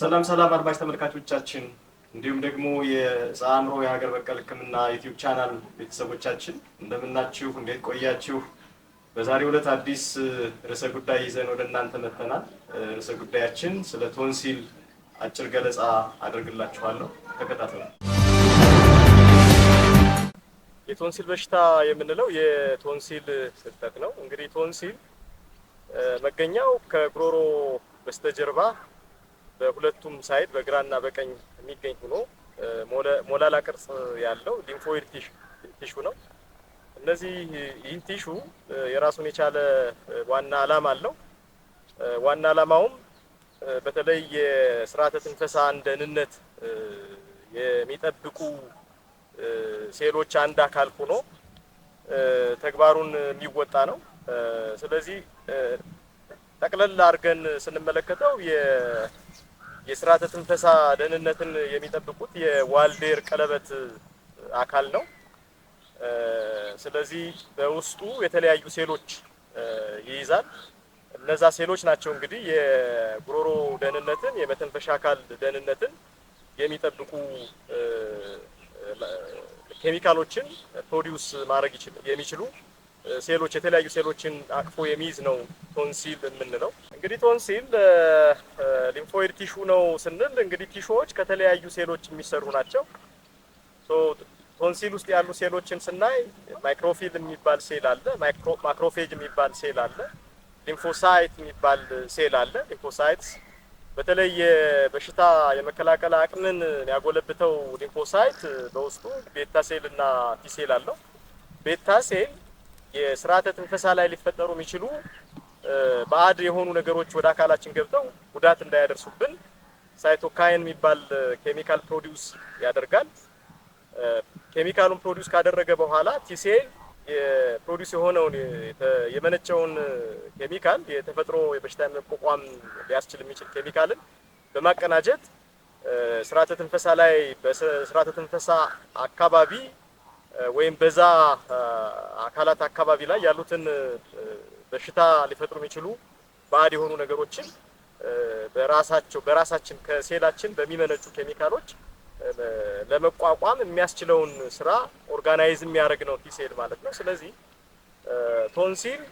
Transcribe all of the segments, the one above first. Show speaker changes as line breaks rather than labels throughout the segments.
ሰላም ሰላም አድማጭ ተመልካቾቻችን እንዲሁም ደግሞ የፀአምሮ የሀገር በቀል ሕክምና ዩቲዩብ ቻናል ቤተሰቦቻችን እንደምናችሁ፣ እንዴት ቆያችሁ? በዛሬው ዕለት አዲስ ርዕሰ ጉዳይ ይዘን ወደ እናንተ መጥተናል። ርዕሰ ጉዳያችን ስለ ቶንሲል አጭር ገለጻ አድርግላችኋለሁ። ተከታተሉ። የቶንሲል በሽታ የምንለው የቶንሲል ስርጠት ነው። እንግዲህ ቶንሲል መገኛው ከጉሮሮ በስተጀርባ በሁለቱም ሳይድ በግራና በቀኝ የሚገኝ ሆኖ ሞላላ ቅርጽ ያለው ሊምፎይድ ቲሹ ነው። እነዚህ ይህ ቲሹ የራሱን የቻለ ዋና አላማ አለው። ዋና ዓላማውም በተለይ የስርዓተ ትንፈሳ ደህንነት የሚጠብቁ ሴሎች አንድ አካል ሆኖ ተግባሩን የሚወጣ ነው። ስለዚህ ጠቅለል አድርገን ስንመለከተው የስርዓተ ትንፈሳ ደህንነትን የሚጠብቁት የዋልዴር ቀለበት አካል ነው። ስለዚህ በውስጡ የተለያዩ ሴሎች ይይዛል። እነዛ ሴሎች ናቸው እንግዲህ የጉሮሮ ደህንነትን፣ የመተንፈሻ አካል ደህንነትን የሚጠብቁ ኬሚካሎችን ፕሮዲውስ ማድረግ የሚችሉ ሴሎች የተለያዩ ሴሎችን አቅፎ የሚይዝ ነው ቶንሲል የምንለው። እንግዲህ ቶንሲል ሊምፎይድ ቲሹ ነው ስንል እንግዲህ ቲሹዎች ከተለያዩ ሴሎች የሚሰሩ ናቸው። ቶንሲል ውስጥ ያሉ ሴሎችን ስናይ ማይክሮፊል የሚባል ሴል አለ፣ ማክሮፌጅ የሚባል ሴል አለ፣ ሊምፎሳይት የሚባል ሴል አለ። ሊምፎሳይትስ በተለይ በሽታ የመከላከል አቅምን ያጎለብተው ሊምፎሳይት በውስጡ ቤታ ሴል እና ቲሴል ሴል አለው። ቤታ ሴል የስርዓተ ትንፈሳ ላይ ሊፈጠሩ የሚችሉ ባዕድ የሆኑ ነገሮች ወደ አካላችን ገብተው ጉዳት እንዳያደርሱብን ሳይቶካይን የሚባል ኬሚካል ፕሮዲውስ ያደርጋል። ኬሚካሉን ፕሮዲውስ ካደረገ በኋላ ቲሴል የፕሮዲውስ የሆነውን የመነጨውን ኬሚካል የተፈጥሮ የበሽታ መቋቋም ሊያስችል የሚችል ኬሚካልን በማቀናጀት ስርዓተ ትንፈሳ ላይ በስርዓተ ትንፈሳ አካባቢ ወይም በዛ አካላት አካባቢ ላይ ያሉትን በሽታ ሊፈጥሩ የሚችሉ ባዕድ የሆኑ ነገሮችን በራሳቸው በራሳችን ከሴላችን በሚመነጩ ኬሚካሎች ለመቋቋም የሚያስችለውን ስራ ኦርጋናይዝ የሚያደርግ ነው ቲሴል ማለት ነው። ስለዚህ ቶንሲል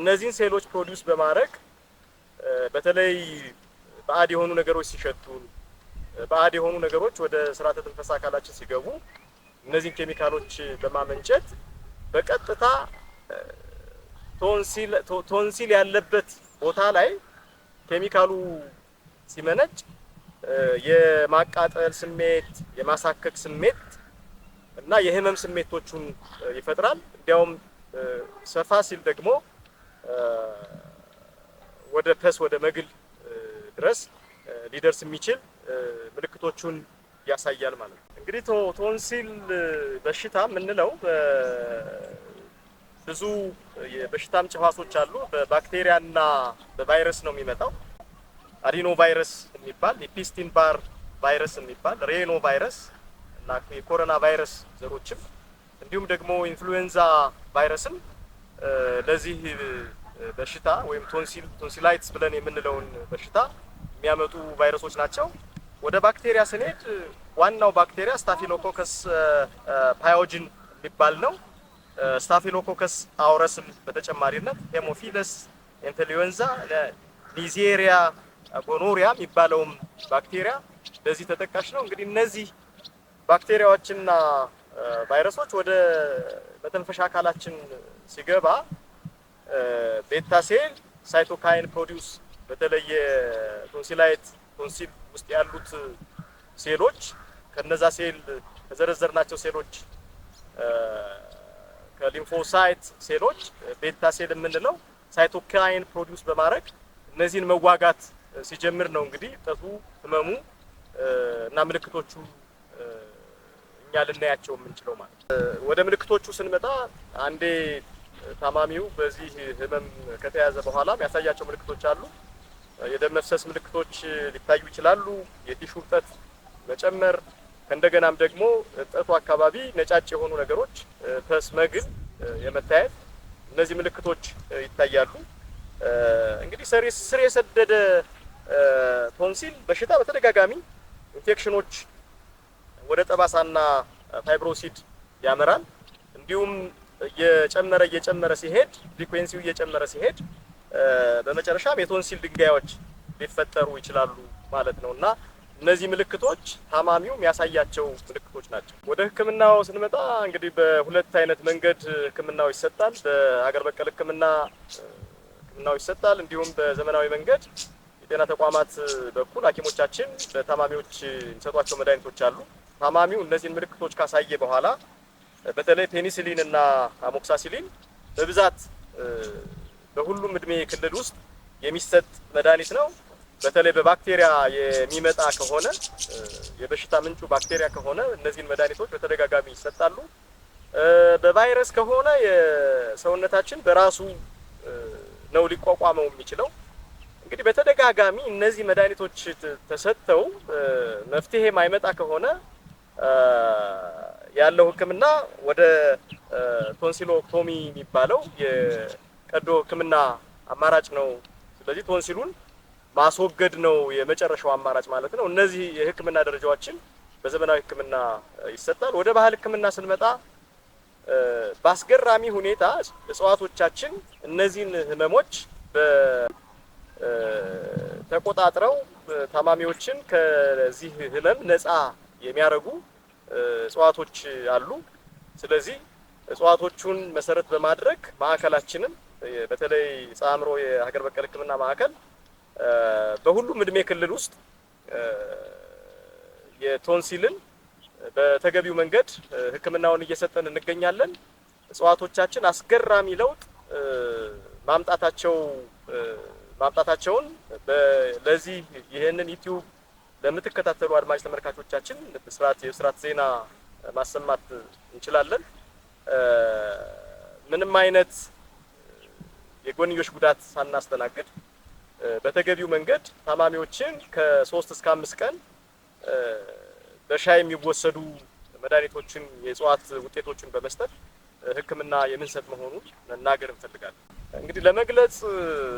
እነዚህን ሴሎች ፕሮዲውስ በማድረግ በተለይ ባዕድ የሆኑ ነገሮች ሲሸቱን፣ ባዕድ የሆኑ ነገሮች ወደ ስርዓተ ትንፈሳ አካላችን ሲገቡ እነዚህን ኬሚካሎች በማመንጨት በቀጥታ ቶንሲል ያለበት ቦታ ላይ ኬሚካሉ ሲመነጭ የማቃጠል ስሜት፣ የማሳከክ ስሜት እና የህመም ስሜቶቹን ይፈጥራል። እንዲያውም ሰፋ ሲል ደግሞ ወደ ፐስ ወደ መግል ድረስ ሊደርስ የሚችል ምልክቶቹን ያሳያል ማለት ነው። እንግዲህ ቶንሲል በሽታ የምንለው ብዙ የበሽታም ጭፋሶች አሉ። በባክቴሪያና በቫይረስ ነው የሚመጣው። አዲኖ ቫይረስ የሚባል የፒስቲን ባር ቫይረስ የሚባል ሬኖ ቫይረስ እና የኮሮና ቫይረስ ዘሮችም እንዲሁም ደግሞ ኢንፍሉዌንዛ ቫይረስም ለዚህ በሽታ ወይም ቶንሲል ቶንሲላይትስ ብለን የምንለውን በሽታ የሚያመጡ ቫይረሶች ናቸው። ወደ ባክቴሪያ ስንሄድ ዋናው ባክቴሪያ ስታፊሎኮከስ ፓዮጂን የሚባል ነው። ስታፊሎኮከስ አውረስም በተጨማሪነት ሄሞፊለስ፣ ኢንፍሉዌንዛ፣ ኒዜሪያ፣ ጎኖሪያ የሚባለውም ባክቴሪያ ለዚህ ተጠቃሽ ነው። እንግዲህ እነዚህ ባክቴሪያዎችና ቫይረሶች ወደ መተንፈሻ አካላችን ሲገባ ቤታሴል ሳይቶካይን ፕሮዲውስ በተለየ ቶንሲላይት ቶንሲል ውስጥ ያሉት ሴሎች ከነዛ ሴል ከዘረዘርናቸው ሴሎች ከሊምፎሳይት ሴሎች ቤታ ሴል የምንለው ሳይቶካይን ፕሮዲውስ በማድረግ እነዚህን መዋጋት ሲጀምር ነው እንግዲህ ጠቱ ህመሙ እና ምልክቶቹ እኛ ልናያቸው የምንችለው ማለት ነው። ወደ ምልክቶቹ ስንመጣ አንዴ ታማሚው በዚህ ህመም ከተያዘ በኋላ የሚያሳያቸው ምልክቶች አሉ። የደም መፍሰስ ምልክቶች ሊታዩ ይችላሉ። የቲሹ እብጠት መጨመር ከእንደገናም ደግሞ እብጠቱ አካባቢ ነጫጭ የሆኑ ነገሮች ተስመግል የመታየት እነዚህ ምልክቶች ይታያሉ። እንግዲህ ስር የሰደደ ቶንሲል በሽታ በተደጋጋሚ ኢንፌክሽኖች ወደ ጠባሳና ፋይብሮሲድ ያመራል። እንዲሁም እየጨመረ እየጨመረ ሲሄድ ፍሪኩዌንሲው እየጨመረ ሲሄድ በመጨረሻም የቶንሲል ድንጋዮች ሊፈጠሩ ይችላሉ ማለት ነው እና እነዚህ ምልክቶች ታማሚው የሚያሳያቸው ምልክቶች ናቸው። ወደ ሕክምናው ስንመጣ እንግዲህ በሁለት አይነት መንገድ ሕክምናው ይሰጣል። በአገር በቀል ሕክምና ሕክምናው ይሰጣል። እንዲሁም በዘመናዊ መንገድ የጤና ተቋማት በኩል ሐኪሞቻችን ለታማሚዎች የሚሰጧቸው መድኃኒቶች አሉ። ታማሚው እነዚህን ምልክቶች ካሳየ በኋላ በተለይ ፔኒሲሊን እና አሞክሳሲሊን በብዛት በሁሉም እድሜ ክልል ውስጥ የሚሰጥ መድኃኒት ነው። በተለይ በባክቴሪያ የሚመጣ ከሆነ የበሽታ ምንጩ ባክቴሪያ ከሆነ እነዚህን መድኃኒቶች በተደጋጋሚ ይሰጣሉ። በቫይረስ ከሆነ የሰውነታችን በራሱ ነው ሊቋቋመው የሚችለው። እንግዲህ በተደጋጋሚ እነዚህ መድኃኒቶች ተሰጥተው መፍትሄ ማይመጣ ከሆነ ያለው ሕክምና ወደ ቶንሲሎክቶሚ የሚባለው ቀዶ ሕክምና አማራጭ ነው። ስለዚህ ቶንሲሉን ማስወገድ ነው የመጨረሻው አማራጭ ማለት ነው። እነዚህ የሕክምና ደረጃዎችን በዘመናዊ ሕክምና ይሰጣል። ወደ ባህል ሕክምና ስንመጣ በአስገራሚ ሁኔታ እጽዋቶቻችን እነዚህን ህመሞች ተቆጣጥረው ታማሚዎችን ከዚህ ህመም ነፃ የሚያደርጉ እጽዋቶች አሉ። ስለዚህ እጽዋቶቹን መሰረት በማድረግ ማዕከላችንን በተለይ ጻምሮ የሀገር በቀል ሕክምና ማዕከል በሁሉም እድሜ ክልል ውስጥ የቶንሲልን በተገቢው መንገድ ሕክምናውን እየሰጠን እንገኛለን። እጽዋቶቻችን አስገራሚ ለውጥ ማምጣታቸው ማምጣታቸውን ለዚህ ይህንን ዩቲዩብ ለምትከታተሉ አድማጭ ተመልካቾቻችን ስርዓት የስርዓት ዜና ማሰማት እንችላለን። ምንም አይነት የጎንዮሽ ጉዳት ሳናስተናግድ በተገቢው መንገድ ታማሚዎችን ከሶስት እስከ አምስት ቀን በሻይ የሚወሰዱ መድኃኒቶችን የእጽዋት ውጤቶችን በመስጠት ሕክምና የምንሰጥ መሆኑን መናገር እንፈልጋለን። እንግዲህ ለመግለጽ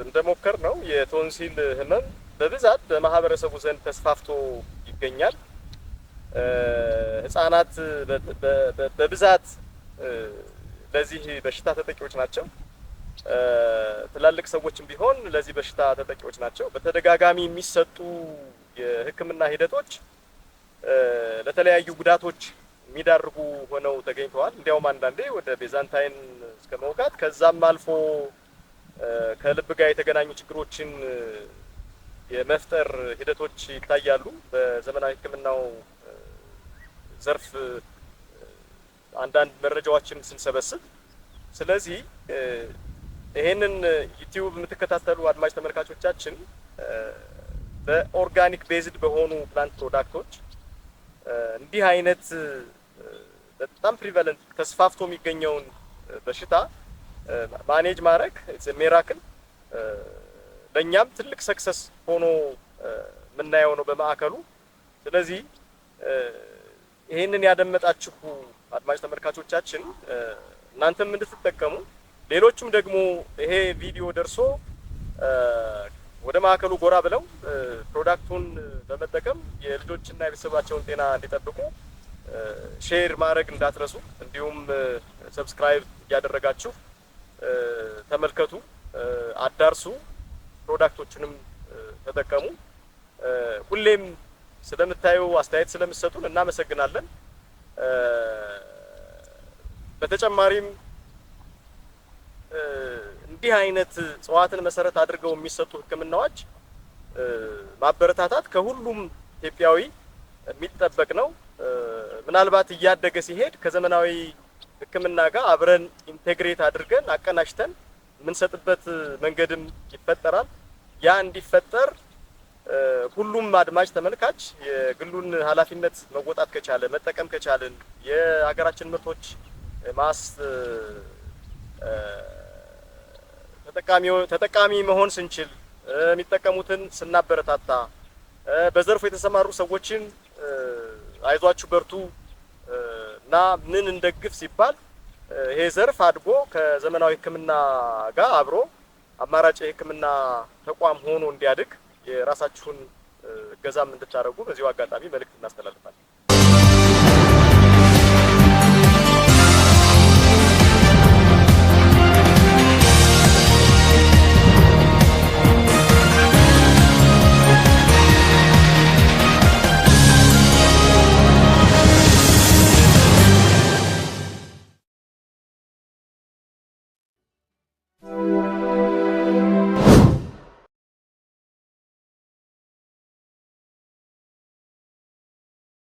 እንደሞከር ነው የቶንሲል ህመም በብዛት በማህበረሰቡ ዘንድ ተስፋፍቶ ይገኛል። ህጻናት በብዛት ለዚህ በሽታ ተጠቂዎች ናቸው። ትላልቅ ሰዎችም ቢሆን ለዚህ በሽታ ተጠቂዎች ናቸው። በተደጋጋሚ የሚሰጡ የሕክምና ሂደቶች ለተለያዩ ጉዳቶች የሚዳርጉ ሆነው ተገኝተዋል። እንዲያውም አንዳንዴ ወደ ቤዛንታይን እስከ መውጋት ከዛም አልፎ ከልብ ጋር የተገናኙ ችግሮችን የመፍጠር ሂደቶች ይታያሉ። በዘመናዊ ሕክምናው ዘርፍ አንዳንድ መረጃዎችን ስንሰበስብ ስለዚህ ይሄንን ዩቲዩብ የምትከታተሉ አድማጭ ተመልካቾቻችን በኦርጋኒክ ቤዝድ በሆኑ ፕላንት ፕሮዳክቶች እንዲህ አይነት በጣም ፕሪቫለንት ተስፋፍቶ የሚገኘውን በሽታ ማኔጅ ማድረግ ሜራክል ለእኛም ትልቅ ሰክሰስ ሆኖ የምናየው ነው በማዕከሉ። ስለዚህ ይሄንን ያደመጣችሁ አድማጭ ተመልካቾቻችን እናንተም እንድትጠቀሙ ሌሎችም ደግሞ ይሄ ቪዲዮ ደርሶ ወደ ማዕከሉ ጎራ ብለው ፕሮዳክቱን በመጠቀም የልጆችና የቤተሰባቸውን ጤና እንዲጠብቁ ሼር ማድረግ እንዳትረሱ፣ እንዲሁም ሰብስክራይብ እያደረጋችሁ ተመልከቱ፣ አዳርሱ፣ ፕሮዳክቶቹንም ተጠቀሙ። ሁሌም ስለምታዩ አስተያየት ስለምትሰጡን እናመሰግናለን። በተጨማሪም እንዲህ አይነት እጽዋትን መሰረት አድርገው የሚሰጡ ህክምናዎች ማበረታታት ከሁሉም ኢትዮጵያዊ የሚጠበቅ ነው። ምናልባት እያደገ ሲሄድ ከዘመናዊ ህክምና ጋር አብረን ኢንቴግሬት አድርገን አቀናጅተን የምንሰጥበት መንገድም ይፈጠራል። ያ እንዲፈጠር ሁሉም አድማጭ ተመልካች የግሉን ኃላፊነት መወጣት ከቻለ መጠቀም ከቻልን የሀገራችን ምርቶች ማስ ተጠቃሚ መሆን ስንችል የሚጠቀሙትን ስናበረታታ በዘርፉ የተሰማሩ ሰዎችን አይዟችሁ በርቱ እና ምን እንደግፍ ሲባል ይሄ ዘርፍ አድጎ ከዘመናዊ ሕክምና ጋር አብሮ አማራጭ የሕክምና ተቋም ሆኖ እንዲያድግ የራሳችሁን እገዛም እንድታደርጉ በዚሁ አጋጣሚ መልእክት እናስተላልፋለን።